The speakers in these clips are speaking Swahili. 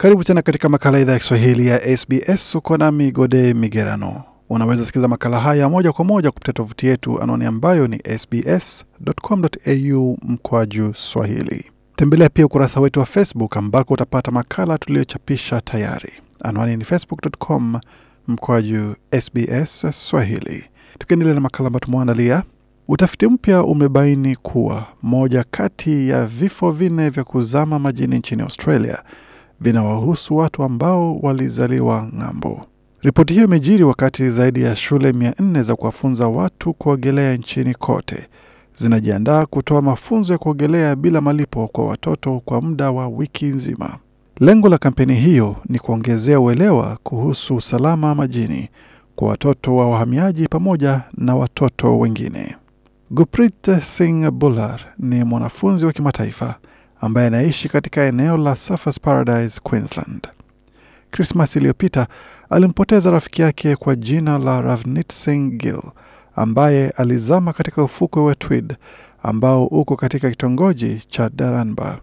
Karibu tena katika makala idhaa ya Kiswahili ya SBS. Uko nami Gode Migerano. Unaweza sikiliza makala haya moja kwa moja kupitia tovuti yetu, anwani ambayo ni sbs.com.au mkwaju swahili. Tembelea pia ukurasa wetu wa Facebook ambako utapata makala tuliyochapisha tayari. Anwani ni facebook.com mkwaju sbs swahili. Tukiendelea na makala ambayo tumeandalia, utafiti mpya umebaini kuwa moja kati ya vifo vinne vya kuzama majini nchini Australia vinawahusu watu ambao walizaliwa ng'ambo. Ripoti hiyo imejiri wakati zaidi ya shule mia nne za kuwafunza watu kuogelea nchini kote zinajiandaa kutoa mafunzo ya kuogelea bila malipo kwa watoto kwa muda wa wiki nzima. Lengo la kampeni hiyo ni kuongezea uelewa kuhusu usalama majini kwa watoto wa wahamiaji pamoja na watoto wengine. guprit Singh bular ni mwanafunzi wa kimataifa ambaye anaishi katika eneo la Surfers Paradise, Queensland. Krismas iliyopita alimpoteza rafiki yake kwa jina la Ravnit Singh Gill ambaye alizama katika ufukwe wa Tweed ambao uko katika kitongoji cha Daranba.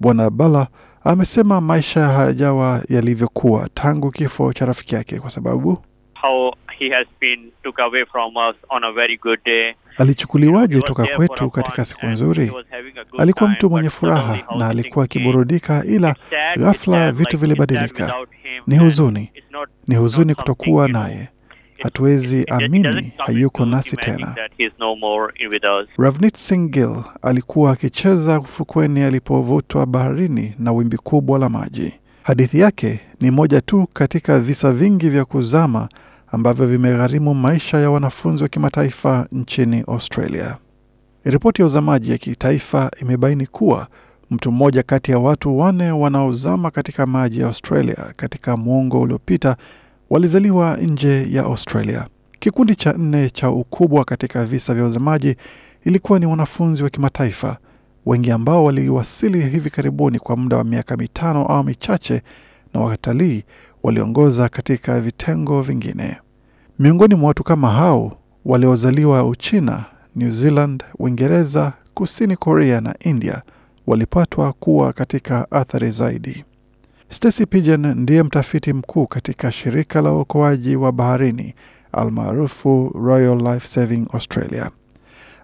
Bwana Bala amesema maisha hayajawa yalivyokuwa tangu kifo cha rafiki yake kwa sababu how he has been took away from us on a very good day. Alichukuliwaje toka kwetu katika siku nzuri? Alikuwa mtu mwenye furaha na alikuwa akiburudika, ila ghafla vitu vilibadilika. Ni huzuni, ni huzuni kutokuwa naye. Hatuwezi amini hayuko nasi tena. Ravnit Singil alikuwa akicheza ufukweni alipovutwa baharini na wimbi kubwa la maji. Hadithi yake ni moja tu katika visa vingi vya kuzama ambavyo vimegharimu maisha ya wanafunzi wa kimataifa nchini Australia. Ripoti ya uzamaji ya kitaifa imebaini kuwa mtu mmoja kati ya watu wanne wanaozama katika maji ya Australia katika mwongo uliopita walizaliwa nje ya Australia. Kikundi cha nne cha ukubwa katika visa vya uzamaji ilikuwa ni wanafunzi wa kimataifa, wengi ambao waliwasili hivi karibuni kwa muda wa miaka mitano au michache, na watalii waliongoza katika vitengo vingine. Miongoni mwa watu kama hao waliozaliwa Uchina, New Zealand, Uingereza, Kusini Korea na India walipatwa kuwa katika athari zaidi. Stacy Pigeon ndiye mtafiti mkuu katika shirika la uokoaji wa baharini almaarufu Royal Life Saving Australia.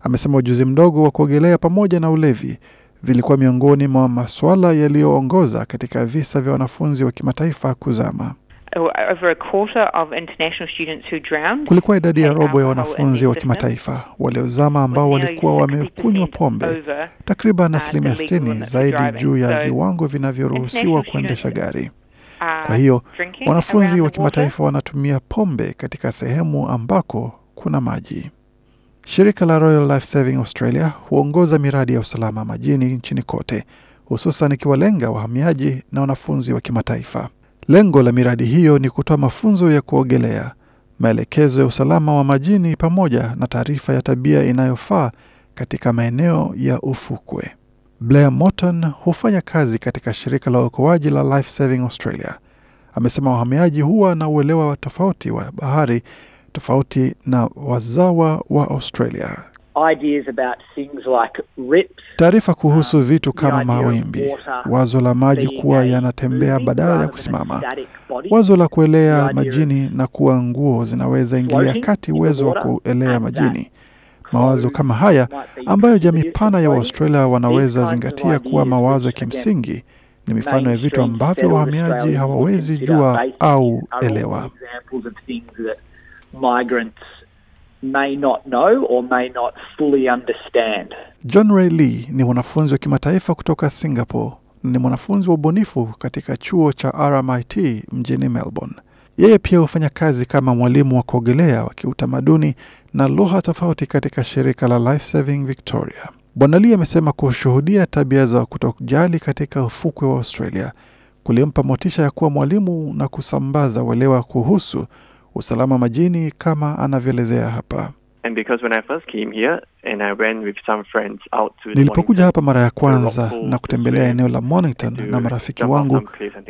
Amesema ujuzi mdogo wa kuogelea pamoja na ulevi vilikuwa miongoni mwa masuala yaliyoongoza katika visa vya wanafunzi wa kimataifa kuzama. Over a quarter of international students who drowned, kulikuwa idadi ya robo ya wanafunzi wa kimataifa waliozama ambao walikuwa wamekunywa pombe, uh, takriban asilimia sitini zaidi juu ya viwango vinavyoruhusiwa kuendesha gari. Kwa hiyo wanafunzi wa kimataifa wanatumia pombe katika sehemu ambako kuna maji. Shirika la Royal Life Saving Australia huongoza miradi ya usalama majini nchini kote, hususan ikiwalenga wahamiaji na wanafunzi wa kimataifa. Lengo la miradi hiyo ni kutoa mafunzo ya kuogelea, maelekezo ya usalama wa majini, pamoja na taarifa ya tabia inayofaa katika maeneo ya ufukwe. Blair Morton hufanya kazi katika shirika la uokoaji la Life Saving Australia. Amesema wahamiaji huwa na uelewa wa tofauti wa bahari tofauti na wazawa wa Australia. taarifa kuhusu um, vitu kama mawimbi, wazo la maji kuwa yanatembea badala ya kusimama, wazo la kuelea majini na kuwa nguo zinaweza ingilia kati uwezo wa kuelea majini. Mawazo kama haya ambayo jamii pana ya Waustralia wanaweza zingatia kuwa mawazo ya kimsingi ni mifano ya vitu ambavyo wahamiaji hawawezi jua au elewa migrants may not know or may not fully understand. John Ray Lee ni mwanafunzi wa kimataifa kutoka Singapore. Ni mwanafunzi wa ubunifu katika chuo cha RMIT mjini Melbourne. Yeye pia hufanya kazi kama mwalimu wa kuogelea wa kiutamaduni na lugha tofauti katika shirika la Life Saving Victoria. Bwana Lee amesema kushuhudia tabia za kutojali katika ufukwe wa Australia kulimpa motisha ya kuwa mwalimu na kusambaza uelewa kuhusu usalama majini kama anavyoelezea hapa. Nilipokuja hapa mara ya kwanza na kutembelea eneo la Mornington na marafiki wangu,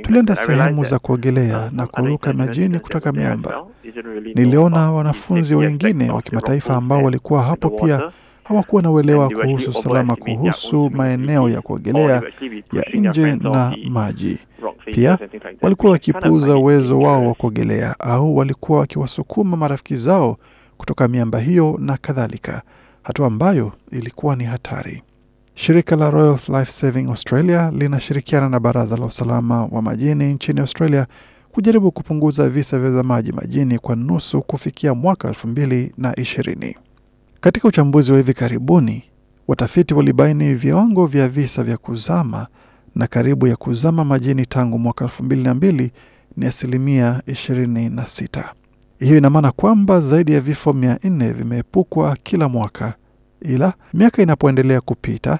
tulienda sehemu za kuogelea na kuruka majini kutoka miamba. Niliona wanafunzi wengine wa kimataifa ambao walikuwa hapo pia hawakuwa na uelewa kuhusu usalama kuhusu maeneo ya kuogelea ya nje na maji. Pia walikuwa wakipuuza uwezo wao wa kuogelea au walikuwa wakiwasukuma marafiki zao kutoka miamba hiyo na kadhalika, hatua ambayo ilikuwa ni hatari. Shirika la Royal Life Saving Australia linashirikiana na Baraza la Usalama wa Majini nchini Australia kujaribu kupunguza visa vya zamaji majini kwa nusu kufikia mwaka elfu mbili na ishirini. Katika uchambuzi wa hivi karibuni, watafiti walibaini viwango vya visa vya kuzama na karibu ya kuzama majini tangu mwaka mbili ni asilimia 26. Hiyo ina maana kwamba zaidi ya vifo mia nne vimeepukwa kila mwaka, ila miaka inapoendelea kupita,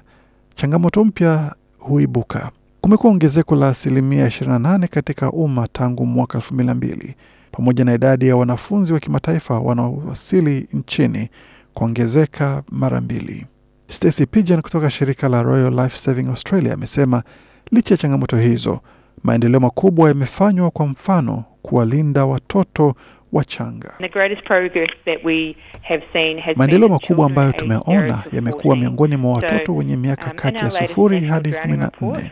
changamoto mpya huibuka. Kumekuwa ongezeko la asilimia 28 katika umma tangu mwaka mbili pamoja na idadi ya wanafunzi wa kimataifa wanaowasili nchini kuongezeka mara mbili. Stacy Pijan kutoka shirika la Royal Life Saving Australia amesema Licha ya changamoto hizo, maendeleo makubwa yamefanywa, kwa mfano kuwalinda watoto wachanga. Maendeleo makubwa ambayo tumeona yamekuwa miongoni mwa watoto wenye miaka um, kati ya sufuri hadi kumi na nne.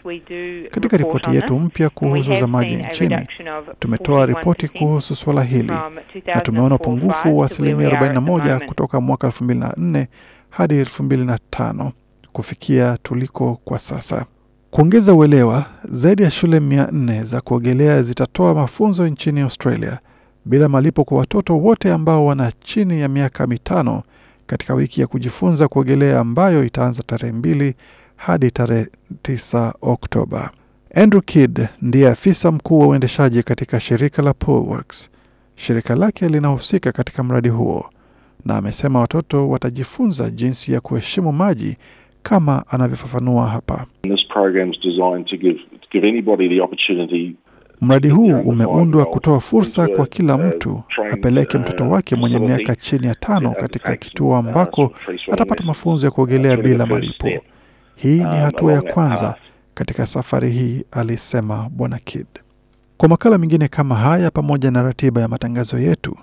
Katika ripoti yetu mpya kuhusu uzamaji nchini, tumetoa ripoti kuhusu suala hili um, na tumeona upungufu wa asilimia 41 kutoka mwaka 2004 hadi 2005 kufikia tuliko kwa sasa. Kuongeza uelewa, zaidi ya shule mia nne za kuogelea zitatoa mafunzo nchini Australia bila malipo kwa watoto wote ambao wana chini ya miaka mitano katika wiki ya kujifunza kuogelea ambayo itaanza tarehe mbili hadi tarehe 9 Oktoba. Andrew Kidd ndiye afisa mkuu wa uendeshaji katika shirika la Poolworks. Shirika lake linahusika katika mradi huo, na amesema watoto watajifunza jinsi ya kuheshimu maji kama anavyofafanua hapa programs designed to give, to give anybody the opportunity Mradi huu umeundwa kutoa fursa kwa kila mtu apeleke uh, mtoto wake mwenye miaka chini ya tano katika kituo ambako atapata mafunzo ya kuogelea bila malipo. Hii ni uh, hatua ya kwanza katika safari hii, alisema Bwana Kid. Kwa makala mengine kama haya pamoja na ratiba ya matangazo yetu,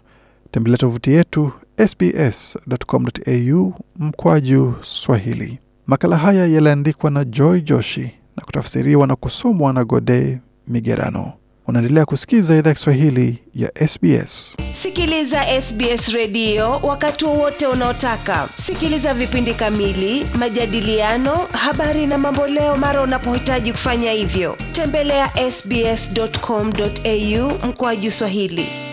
tembelea tovuti yetu sbs.com.au mkwaju Swahili. Makala haya yaliandikwa na Joy Joshi na kutafsiriwa na kusomwa na Gode Migerano. Unaendelea kusikiza idhaa Kiswahili ya SBS. Sikiliza SBS redio wakati wowote unaotaka. Sikiliza vipindi kamili, majadiliano, habari na mamboleo mara unapohitaji kufanya hivyo. Tembelea ya sbs.com.au mkoaji Swahili.